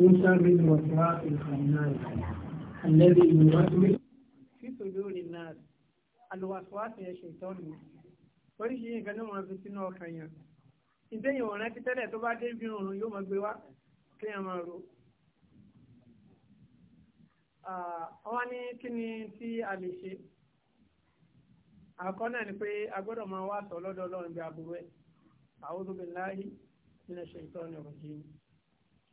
يوسى بالوسواس الخناس الذي يوسوس في صدور الناس الوسواس يا شيطان oríṣi nǹkan ní wọn fi sínú ọkàn yẹn ìdẹ́yìn ọ̀rẹ́ ti tẹ́lẹ̀ tó bá dé bí òun yóò máa gbé wá kéèyàn máa ro wọ́n ní kí ni tí a lè ṣe àkọ́ náà ni a gbọ́dọ̀ máa wá sọ lọ́dọ̀ ọlọ́run bí aburú ẹ̀ a'udhu billahi minash shaitani rajim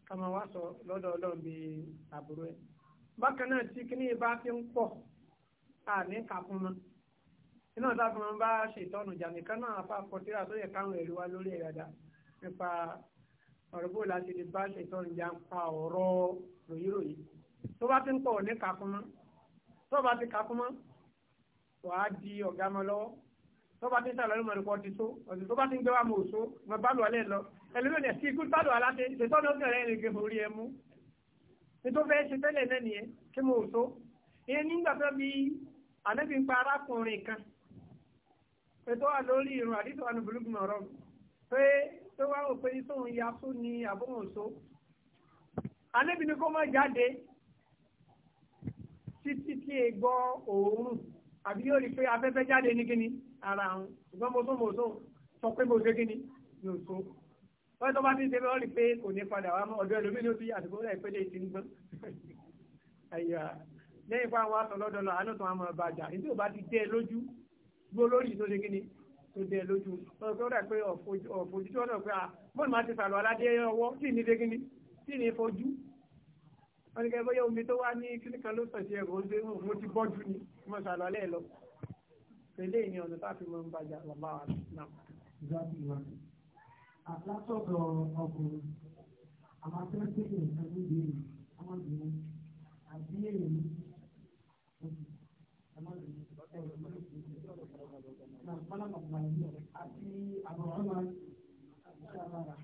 kàmá wá sọ lọ́dọ̀ ọlọ́run bíi àbúrò ẹ̀ bákan náà tí kíní bá fi ń pọ̀ àní kàkún mọ́ iná dáàbò máa ń bá ṣètọ́nù jà nìkan náà apá kọtíra tó yẹ káwọn ẹ̀rí wa lórí ẹ̀rọ̀dà nípa ọ̀rọ̀ bó la ṣe lè bá ṣètọ́nù jà ń pa ọ̀rọ̀ ròyìnròyìn tó bá ti ń pọ̀ ní kàkún mọ́ tó bá ti kàkún mọ́ wàá di ọ̀gá tó bá ti ń sàlọ́ lọ́mọdé kọ́ ti so ọ̀sìn tó bá ti ń gbé wa mọ̀ òso mọ̀ bá lù alẹ́ lọ ẹlòmíràn ní ẹ̀sìn ikú bá lù aláṣẹ ìṣètọ́nà ọ̀sẹ̀ rẹ̀ lè gé orí ẹ mú nítorí fẹ́ ṣe tẹ́lẹ̀ náà nìyẹn kí mo so ìyẹn nígbà tó bí ànábì ń pa arákùnrin kan ètò wà lórí irun àdìsọ wà ní bulúgbùmọ̀ ọ̀rọ̀ pé tó wá òpin sóhun ya tó ní àbọ̀wọ̀n so ànábì ni kó má jáde títí tí e gbọ́ òórùn àbí yóò rí pé afẹ́fẹ́ ara àwọn ṣùgbọ́n mo tún mo tún sọ pé mo ṣe kí ni mi ò tó wọ́n tó bá ti ṣe wọ́n rí pé kò ní padà wá mọ́ ọ̀dọ́ ẹlòmíì ló fi àdúgbò rẹ̀ pé léyìí ti ń gbọ́n àyà lẹ́yìn fún àwọn aṣọ lọ́dọ̀ lọ àánú tó wọn mọ̀ bàjá ní tí ò bá ti dẹ́ lójú gbó lórí tó ṣe kí ni tó dẹ lójú wọ́n fẹ́ rẹ̀ pé ọ̀fojú tí wọ́n náà pé à bọ́ọ̀lù máa ti sàlọ̀ aládé ọwọ́ tí ní dégínní pẹ̀lú ìní ọ̀nà tá a fi máa ń bàjá lọ́ba wa náà. ìjọba ìwà látọ̀dọ̀ ọkùnrin àwọn akẹ́kọ̀ọ́ èèyàn kan ní ìbéèrè ọmọbìnrin àbí èèyàn ní ọmọbìnrin náà mọ́nà mọ̀gbà yìí àti àbọ̀rọ̀ máa ń ṣe àbára náà.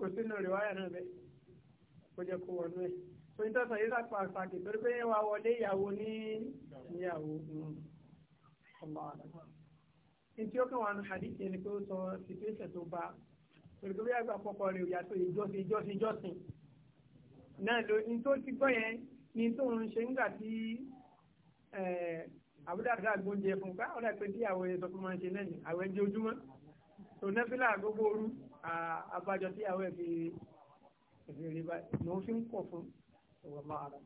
kò sínú rìwáyà náà bẹ́ẹ̀ kó jẹ́ kó wọnú ẹ̀ tó ń tọ́sán yíká pàtàkì torí pé wà wọlé ìyàwó ní ìyàwó hmm. ọmọ àdàkùn ntí ó kàn wà nù hadith yẹn ni pé ó sọ situation tó bá pẹ̀lú bí àgbà pọ̀pọ̀ rẹ̀ yàtọ̀ ìjọsìn ìjọsìn ìjọsìn náà ló ní tó ti gbọ́ yẹn ní tó ń ṣe ńgbà tí àbúdàdà gbóúnjẹ fún ká ọ̀dà pé tí ah, àwọn ẹ̀sọ́ fún máa ń ṣe náà ní àwọn ẹ̀jẹ̀ ojúmọ́ tó nẹ́fílà gbogbo òru àbájọ tí àwọn ẹ̀fẹ̀ ẹ̀fẹ̀ rẹ̀ bá ní ó fi ń pọ̀